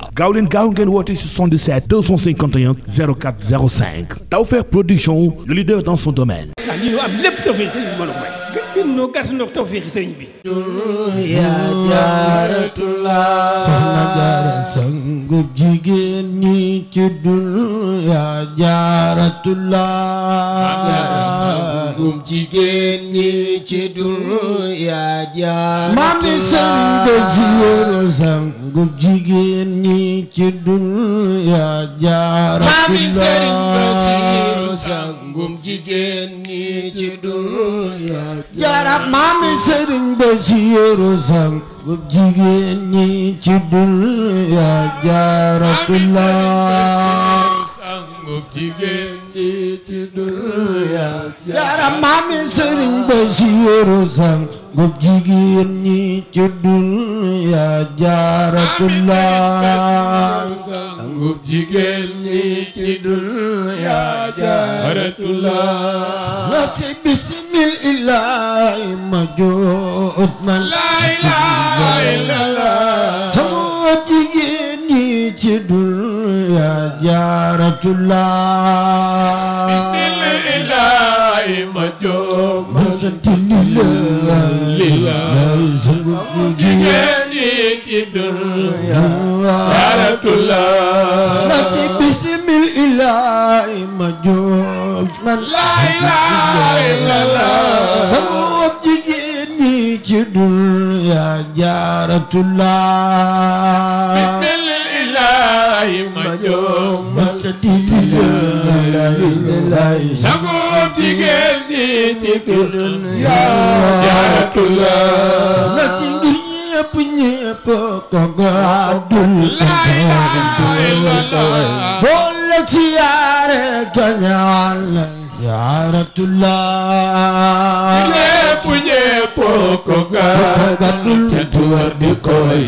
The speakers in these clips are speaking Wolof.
waaw gaaw leen gaaw ngeen woote 77 251 04 05 Tawfekh Production le leader dans son domaine. Ah, am lépp gën noo gàtt noo tawféexi sëriñ bi. yaa jigéen ñi ci dul yaa jaaratullah sangu jigéen ñi ci dul yaa jaaratullah maami sëriñ jigéen ñi ci dul yaa garab maami Sëriñ Basiiru sang bu jigéen ñi ci dunya jaaratullaah bu jigéen ñi ci dunya jaarab maami Sëriñ Basiiru sang bu jigéen ñi ci dunya jaaratullah sangub jigéen ñi ci dunya jaaratullah nasi bismil ilahi majud man la ilaha illallah Alhamdulillah ngeen di ci dundal yaatulaa na ci ngir ñëpp ñëpp ko gàddul boole ci yaare gañal yaaratulaa ñëpp ñëpp ko gàddul ci duwar di koy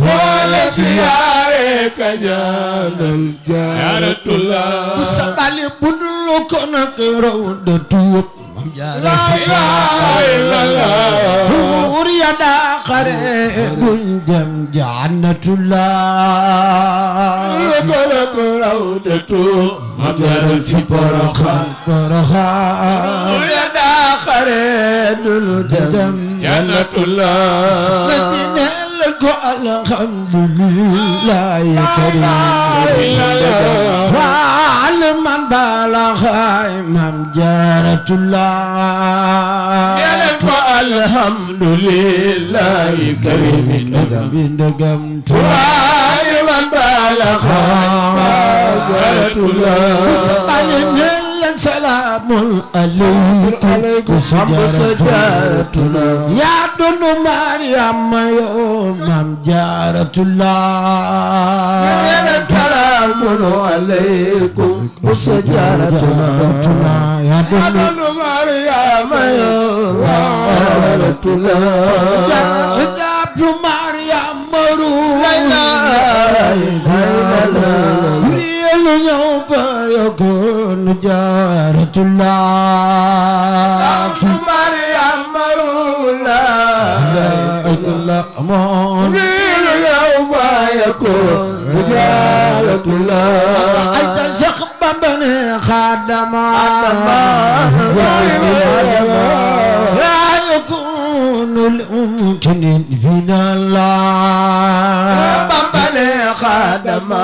boole ci yaare gañal yaaratulaa raw da tuub mam jaare la ilaha man balaxaay mam jaaratullah yàlla ko alhamdulillahi karimi ndegam bi ndegam tuwaay man balaxaay jaaratullah salaamun alaykum sajaaratuna yaa dund Mariam yoo maam jaaratullah salaamun alaykum وسجارتنا يا ابن مريم وعالتنا حجاب مريم مرو اليوم يكون جارة الله مريم مرولة لا أكلمون اليوم يكون جارة الله عدما لا يكون الأمكن فينا الله بمبني خدما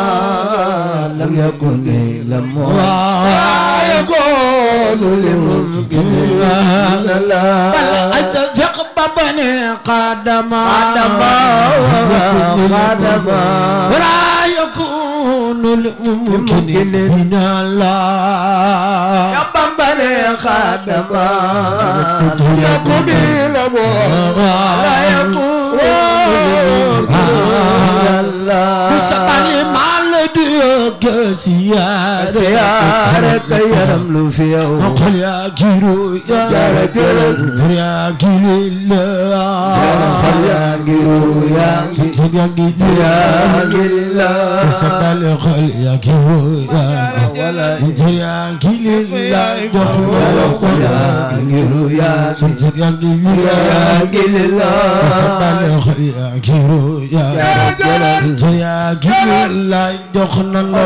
لم يكن لما لا يكون الأمكن فينا الله بل أتفق بمبني قدما قدما قدما لا الممكن من الله يا بمبني خاتما يا قبيل لا يقول الله ka siyaare siyaare ka yaram lu fi yow xol yaa giru yaa jor yaa giru la xol yaa giru yaa xol yaa giru yaa giru la sabal xol yaa giru yaa wala jor yaa giru la xol yaa giru yaa jor yaa giru yaa giru la sabal xol yaa giru yaa jor yaa giru la jox na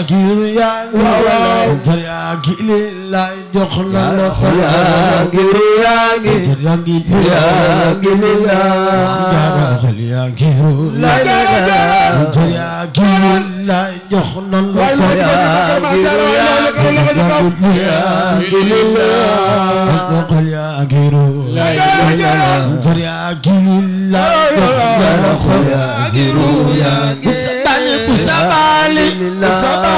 yaakilu yaa waaw jar yaa gi lay jox la loxo yaa gi yaa gi jar yaa gi yaa gi yaa xol yaa gi la jar yaa gi lay jox la loxo yaa gi yaa gi yaa gi yaa xol yaa gi la jar yaa gi lay jox la loxo yaa gi yaa gi yaa gi yaa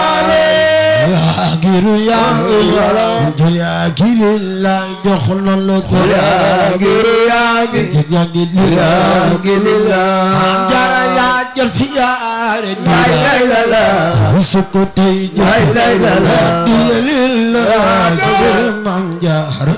ngiru yaa ngi njur yaa ngi leen la jox lool ko yaa ngi yaa ngi yaa ngi yaa ngi jaara yaa jël si yaare laay laay la la su ko tey laay laay la la diya lillah jaara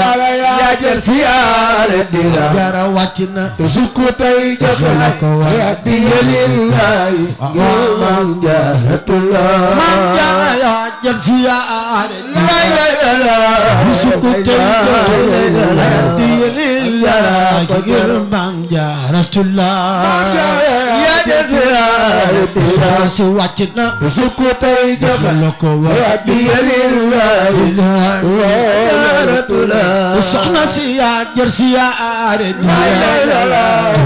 jaara waajal siyaare di la jara wàcc na te sukku tey jëfala ko waay di yëlillaay ngir maam jaaratullah maam jara waajal siyaare lay lay la sukku tey jëfala di yëlillaay jaara ko gër maam jaara tullaay yaa dégg yaa dégg si wàcc na sukku tey jox la ko war bi yalil la soxna si yaa jër si yaa aare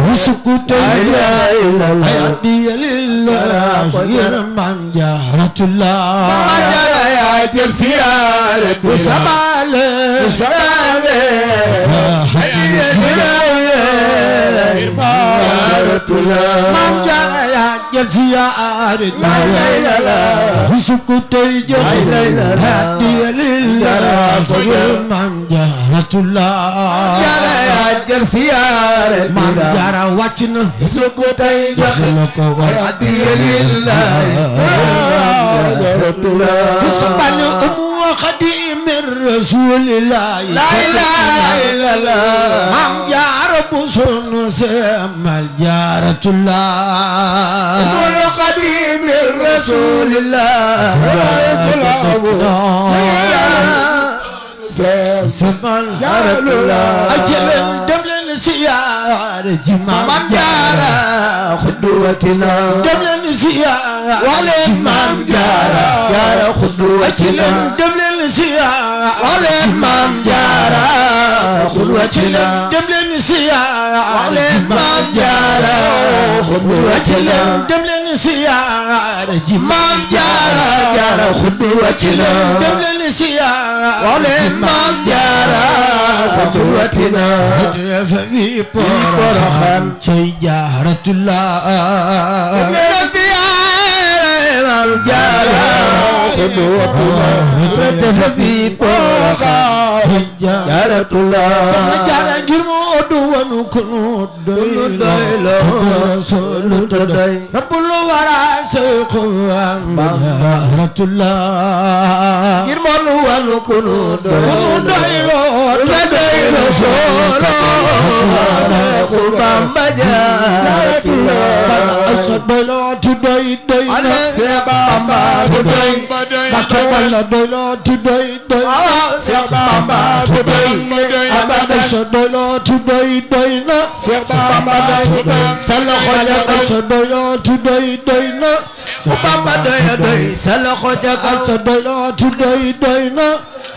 ni sukku tey yaa bi yalil la ko gër maam jaara tullaay yaa jër si yaa aare ni maam jaara yaa jël si yaa rit maa lay la la suku tey jël maa lay la la hati yalil la ko jël maam jaara tula jaara yaa jël si yaa rit maam jaara wàcc na suku tey jël la ko hati yalil la maam jaara tula subhanahu wa xadim rasulillah la ilaha illallah قصر سمى الجارة الله كل قديم الرسول الله سمى الجارة الله أجل دبل سيارة جمام جارة خدوتنا دبل سيارة والإمام جارة جارة خدوتنا دبل siyaa wax leen maam jaara xutba ci la dem leen siyaa wax leen maam jaara xutba ci la dem leen siyaa ji maam jaara jaara xutba ci la dem leen siyaa wax leen maam jaara xutba ci la def fi Porokhane cey jaaratullah dem leen siyaa maam jaara moo nu wanu kunu doy رسول بامبا جاءت أشهد بلا تدعي دعي يا بامبا تدعي بكبل بلا تدعي دعي يا بامبا تدعي أبدا أشهد بلا تدعي دعي يا بامبا تدعي سلخ يا أشهد بلا تدعي دعي su Bamba doy a doy sa loxo jagal sa doy na tu doy doy na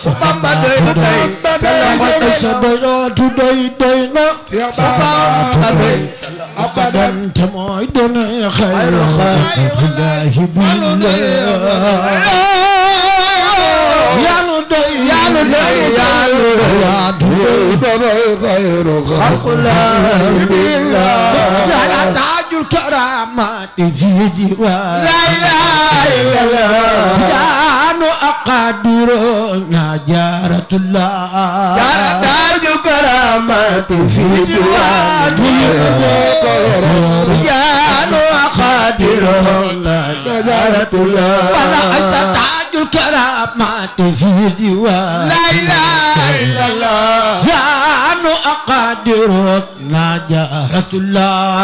su Bamba doy a doy sa loxo sa doy na tu doy doy na su Bamba doy abadan te mooy done xayr xalqillaahi billaahi yaa nu doy yaa nu doy yaa nu doy yaa nu doy xayr xalqillaahi billaahi amaati jiji wa la ilaha illallah jaanu aqadiro na jaratullah jaaratu karamati fi diwani jaanu aqadiro na jaratullah wala asa taajul karamati fi diwani la ilaha تركنا جارة الله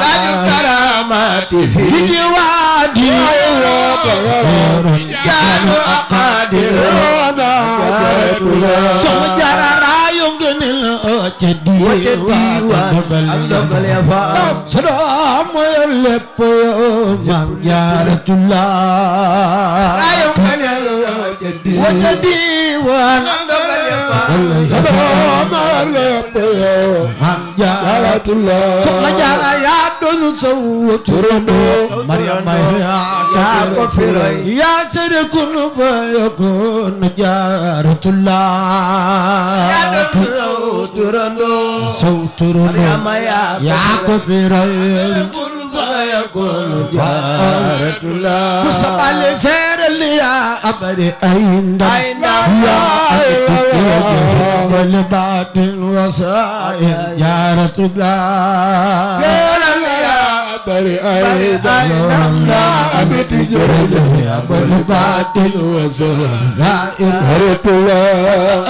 تاج الكرامات في وادي غير جعل أقادرنا جارة الله سم جرى رايون الأجدي والدبل يفا سلام يلب يوم جارة الله رايون الأجدي والدبل soxna jaara yaa doon sow turando mariama yaa ko firay yaa sere kunu fa yakun jaaratullah yaa doon sow turando sow turando mariama yaa ko firay يكون جارة الله مصطفى لسير اللي يا أمري أين يا أمري لبعد الوصايا جارة الله bari ay ndam la amit jërëjëf ya bari baatil wa zaahir haritula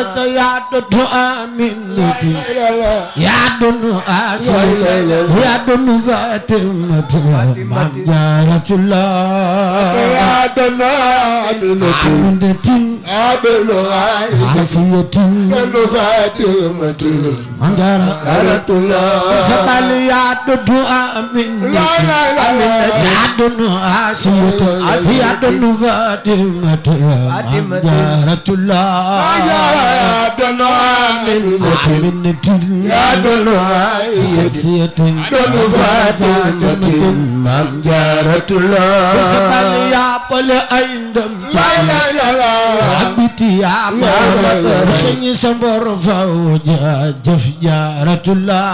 anta ya dutu amin niti ya dunu asal ya dunu fatimatu man jaratullah ya dunu amin niti أبلو عاسية كنو فاتل مدل أندارا دارت الله فقال يا دو أمين لا لا لا يا دو عاسية عافية دو فاتل مدل أندارت الله يا دو أمين أمين يا دو عاسية دو فاتل مدل أندارت الله فقال يا بل أين دم لا لا لا biti amani sa mbor faw jëf jaaratullah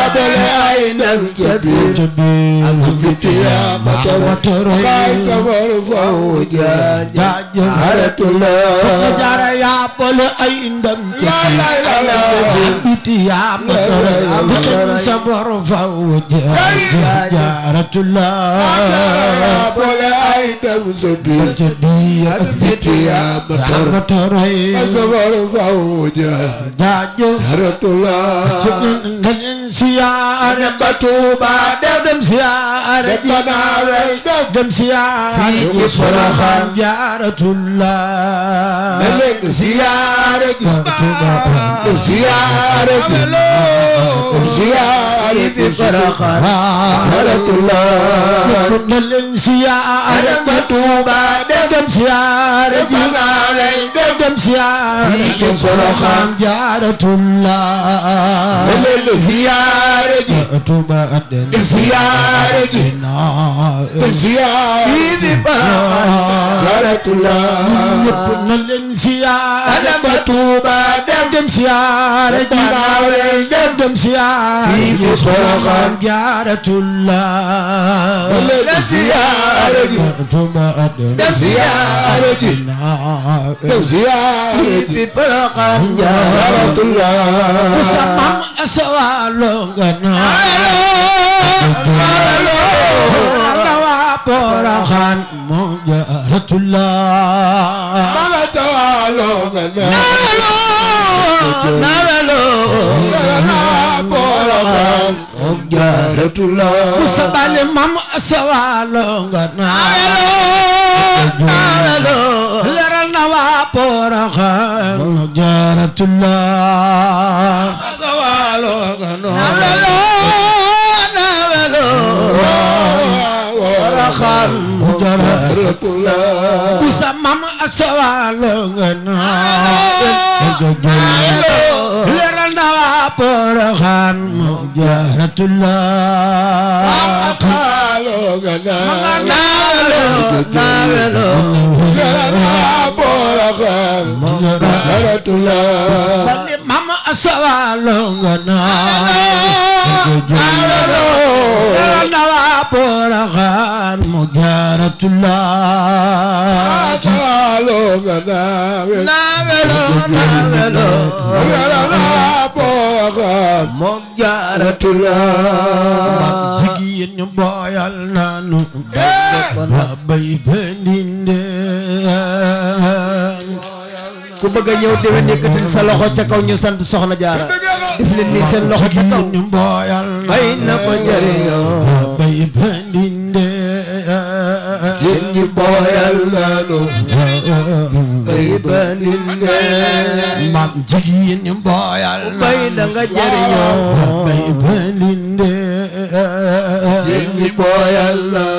rabbil ay nam jëf biti توتر كايتبر فوجا جارت الله جار يا بول اي اندم لا لا لا بيت يا مطر صبر فوجا جارت الله يا بول اي اندم سدي بيت يا مطر صبر فوجا جارت الله سيارة بتوبة دم سيارة dem siyaara ji Porokhane jaaratullah na leen siyaara ji dem siyaara ji dem siyaara ji Porokhane jaaratullah na leen siyaara ji Touba dem siyaara ji dem siyaara ji Porokhane jaaratullah na leen siyaara ji Touba dem siyaara ji إذ بارك الله na leen siyaar dem ba كورخان مجارة الله ما توالو من نالو نالو كورخان مجارة الله مسبالي مام سوالو نالو نالو لرنا وابورخان مجارة الله سوالو نالو kula bu sa mam asawal ngena leral na poroxan mujaratullah akalo ngena nawelo leral na poroxan mujaratullah mam asawal ngena ورغان مجارة الله قالوا نامل نامل نامل ورغان مجارة الله جيين بويال نانو ku bëgg a ñëw déwén yëkkatil sa loxo ca kaw ñu sant soxna jaara def leen ni seen loxo ca kaw ñu mbooyal ay na ko njëriñoo yi bandinde yéen ñi booyal laanu yi bandinde maam jigéen ñi booyal bay da nga jëriñoo bay bandinde yéen ñi booyal laanu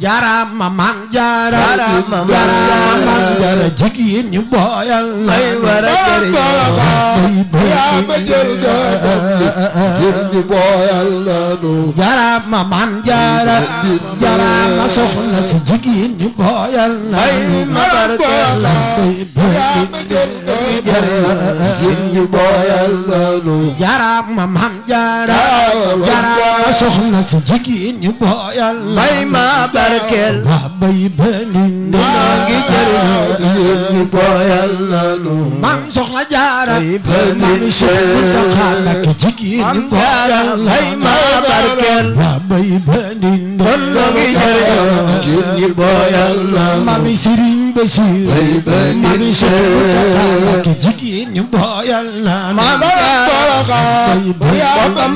jarama man jarama man jara jigéen ñi booyal yaa ma jël jigéen ñi booyal la nu yaa ma jël jigéen ñi booyal la nu barkeel bay bëniñ dinaa ngi jëriñoo yéen ñi booyal nanu maam soxna jaara maam cheikh Muntaxa Mbakke jigéen ñi booyal ay ma barkeel bay bëniñ dinaa ngi jëriñoo yéen ñi booyal nanu maam Sëriñ Basiir bay bëniñ maam cheikh Muntaxa Mbakke jigéen ñi booyal nanu maam toroxa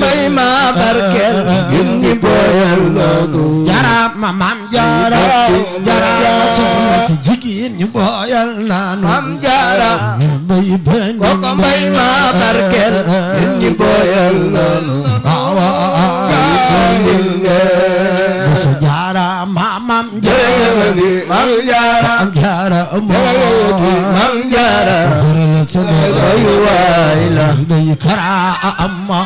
bay ma barkeel yéen ñi booyal nanu ma maam jaara jaara soxna si jigéen ñu booyal naan maam jaara mbay bañ koko mbay ma barkel ñu booyal naan awa so jaara ma maam jaara maam jaara maam jaara maam jaara jaara la so waay la day kara amma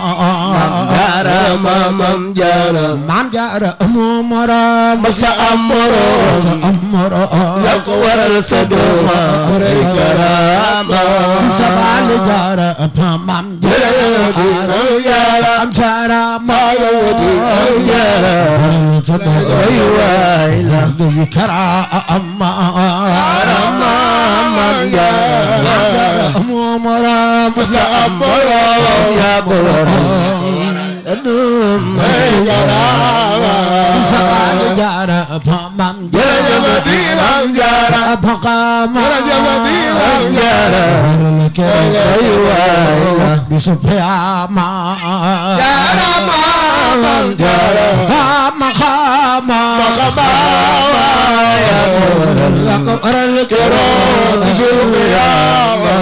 maam jaara maam jaara amu moroom masa am moroom am moroom yaa ko waral sa dooma rey karaama sa baal jaara maam jaara jaara am jaara maala wadi am jaara sa baal ay waay la rey karaama maam jaara amu moroom masa am moroom yaa ko waral jaara Pamam Jara Diwan Jara Pakam Jara Diwan Jara Lekayuwa Bisupyama Jara Pamam Jara Pamakama Pakamawa Lakar Kero Bisupyama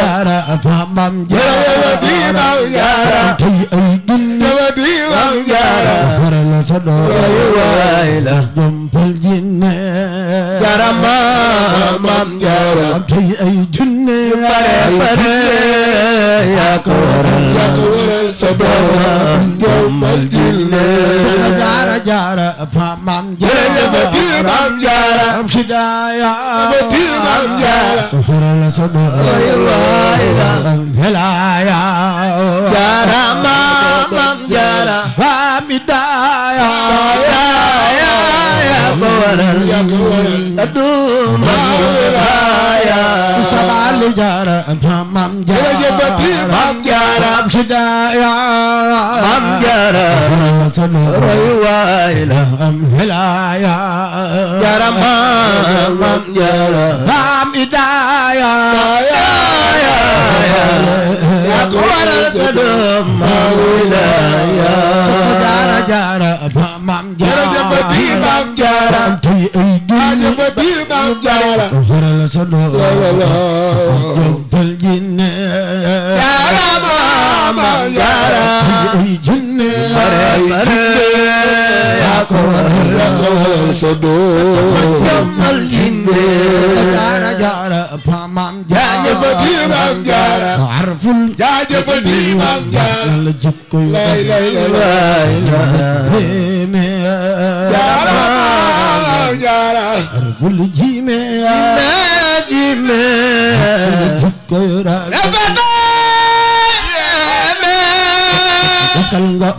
Jara Pamam Jara Diwan Jara Tiyadun Jara am jaara faral sa doole waay la jompal jinne jaara maam am jaara am tey ay junne bare bare yaa ko waral yaa ko waral sa doole jompal jinne jaara jaara maam jaara am jaara am tidaaya am tidaaya faral sa doole waay la Jara Fulji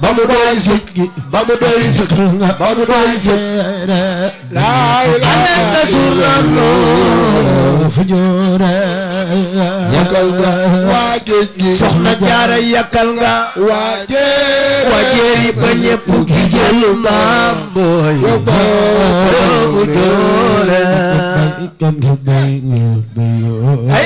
ba mu doy sikki ba ba mu doy seere laa nga ba ñépp gi jël maam booy fu joore ay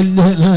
ذللا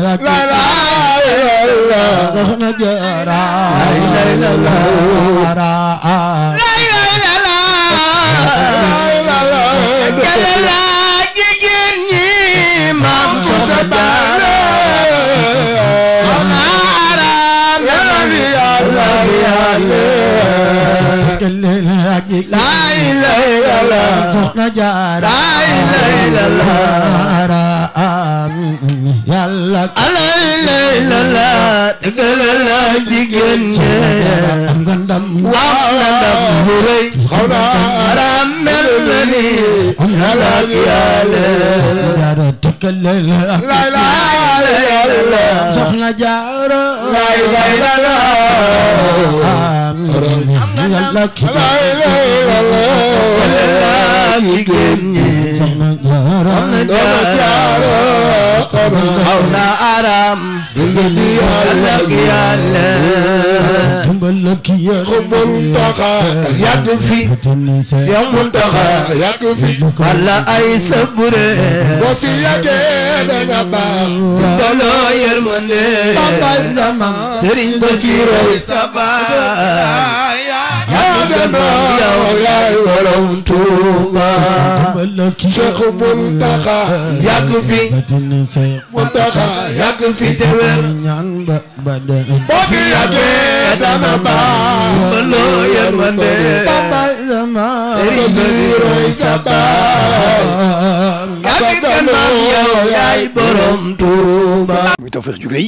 لي لا زيادة تكلل لا لا لا لا سخنا جار لا لا لا لا أمر لك لا لا لا لا aw na aram dundal ak yàlla dundal ak yàlla Muntaxa yàgg fi Seex Muntaxa yàgg fi wala ay sabure boo fi yàggee dana baax mbooloo yërmande Serigne Bassirou Saba dama yow yaay borom Tuuba Cheikh Muntaxa yàgg fi Muntaxa yàgg fi te wér boo fi yàggee dama baax loo yërmande baba dama roy sa baax yàgg kan maam yow yaay borom Tuuba muy Tawfekh jugéy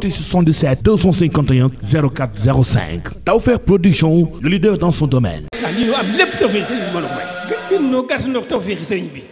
woote 77 251 04